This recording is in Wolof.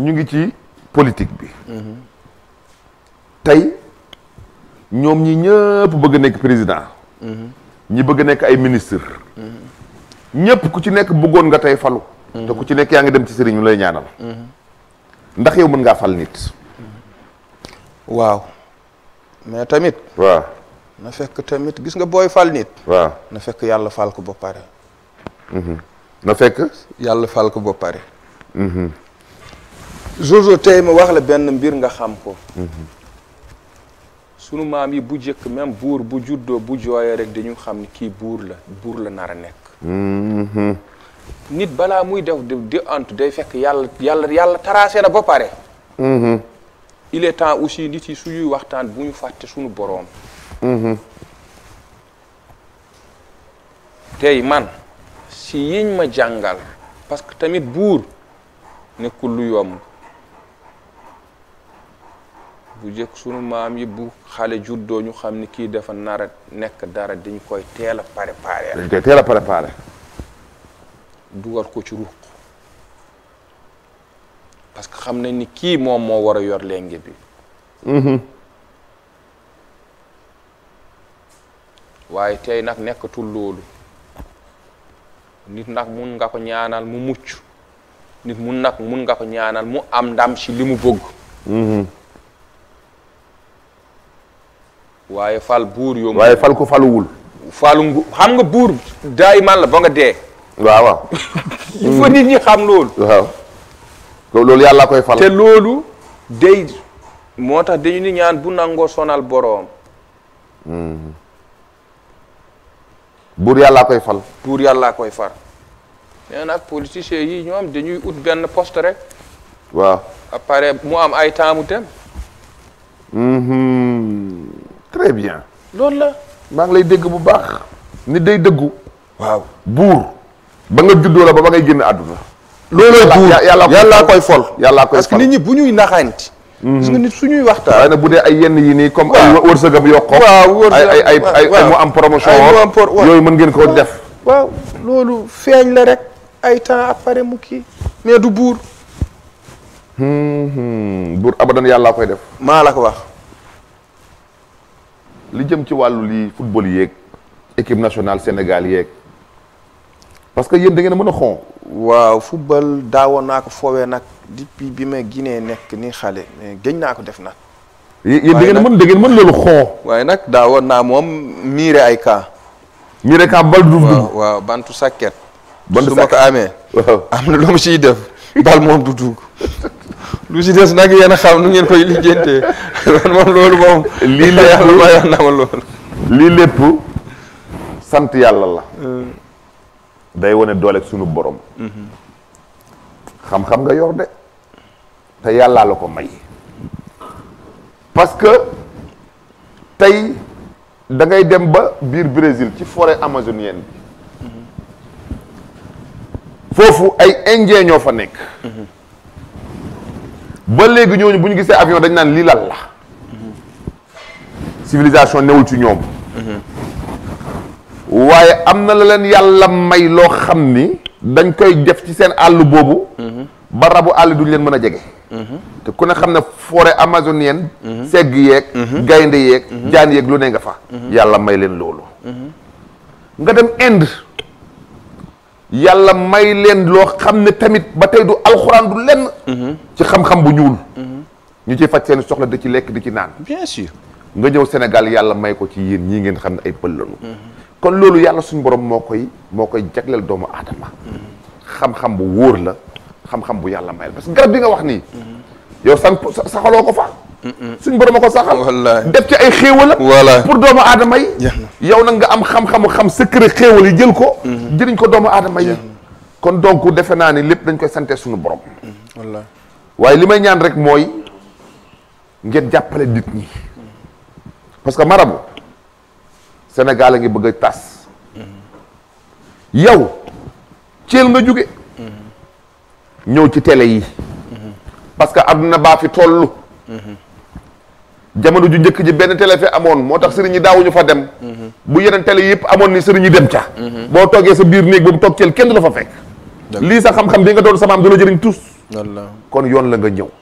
ñu ngi ci politique bi. tey ñoom ñi ñëpp bëgg nekk président. ñi bëgg nekk ay ministre ñëpp ku ci nekk bëggoon nga tey falu. te ku ci nekk yaa ngi dem ci sëriñ ñu lay ñaanal. ndax yow mën ngaa fal nit. waaw mais tamit. waaw na fekk tamit gis nga booy fal nit. waa na fekk yàlla fal ko ba pare. Mhm. na fekk. yàlla fal ko ba pare. Mhm. Jojo tey ma wax la benn mbir nga xam ko. Mhm. sunu maam yi bu jëkk même buur bu juddoo bu jooyee rek dañu xam ni kii buur la buur la nar a nekk. Mhm. nit balaa muy def di antu day fekk yàlla yàlla yàlla tracé na ba pare. Mhm. il est temps aussi nit yi suñuy waxtaan bu ñu fàtte suñu boroom. tey man si yëñ ma jàngal parce que tamit buur nekkul lu yomb. bu jëkk sunu maam yi bu xale juddoo ñu xam ni kii dafa nar nekk dara dañ koy teel a préparé. dañ koy dugal ko ci ruq parce que xam na ni kii moom moo war a yor lenge bi. Mm-hmm. waaye tey nag nekkatul loolu nit nag mun nga ko ñaanal mu mucc nit mun nag mun nga ko ñaanal mu am ndam ci li mu bëgg. Mm-hmm. waaye fal buur yow. waaye fal ku faluwul. falu ngu xam nga buur daay mal la ba nga dee. waaw waaw. xam loolu. yàlla koy fal. te loolu day moo tax dañu ni ñaan bu nangoo sonal boroom. Hmm. buur yàllaa koy fal. buur yàllaa koy far. nee nag politiciens yi ñoom dañuy ut benn poste rek. waaw. après mu am ay temps mu dem. Hmm, hmm. très bien. loolu la. maa lay dégg bu baax. nit day dëggu. waaw buur. ba nga juddoo la ba ba ngay génn àdduna. looloo buur yàllaa koy fol yàllaa koy fol parce que nit ñi bu ñuy naxaanti. Mhm. gis nga nit suñuy waxtaan. waaye bu dee ay yenn yi nii comme. ay wërsëgam yokko waaw ay ay ay ay mu am promotion. yooyu mën ngeen koo def. waaw loolu feeñ la rek ay temps après mukki mais du buur. Hmm, hmm. buur abadan yàllaa koy def. maa la ko wax. li jëm ci wàllu li football yeeg équipe nationale Sénégal yeeg parce que yéen da ngeen mën a xon waaw football daawoon naa ko foowee nag depuis bi ma Guinée nekk ni xale mais naa ko def nag. yéen da ngeen a mën loolu xon. waaye nag daawoon naa moom miire ay cas. miire cas bal du dugg waaw bantu sàkket. bantu sàkket su am na lu ma def bal moom du dugg. lu si des nag yéen a xam nu ngeen koy lijjantee loolu moom. lii lépp yàlla loolu. lii lépp sant yàlla la. Euh. day wone dooleeg sunu borom. Mhm. xam-xam nga yor de te yàllaa la ko may. parce que tey dangay dem ba biir Brésil ci forêt amazonienne bi. Mhm. foofu ay indien ñoo fa nekk. Mhm. ba léegi ñooñu bu ñu gisee avion dañ naan lii lal la civilisation newul ci ñoom waaye am na la leen yàlla may loo xam ni dañ koy def ci seen àll boobu ba rabu àll duñ leen mën a jege te ku ne xam ne forêt amazonienne segg yeeg gaynde yeeg jaan yeeg lu ne nga fa yàlla may leen loolu nga dem Inde yàlla may leen loo xam ne tamit ba tey du alxuraan du lenn. Mhm. ci xam-xam bu ñuul. Mhm. ñu ciy faj seen soxla di ci lekk di ci naan. bien sûr nga ñëw Sénégal yàlla may ko ci yéen ñii ngeen xam ne ay pël lañu. Mhm. kon loolu yàlla suñu boroom moo koy moo koy jagleel doomu aadama. xam-xam bu wóor la xam-xam bu yàlla may la parce que garab bi nga wax nii. yow san saxaloo ko fa. suñ borom a ko saxal def ci ay xéewal pour doomu aadama yi yow nag nga am xam-xamu xam secret xéewal yi jël ko mhm. jëriñ ko doomu aadama yi kon donc defe naa ni lépp dañ koy sante suñu borom mhm. wallaahi waaye li may ñaan rek mooy ngeen jàppale nit ñi parce que marabu Sénégal a ngi bëgg a tas mhm. yow Thiel nga jóge ñëw ci télé yi parce que àdduna baa fi tollu jamono ju njëkk ji benn télé fi amoon moo tax sëriñ yi daawuñu fa dem bu yeneen tele yëpp amoon ni sëriñ dem ca boo toogee sa biir néeg boobu toog ceel kenn du la fa fekk lii sa xam-xam bi nga doon samaam du la jëriñ tous kon yoon la nga ñëw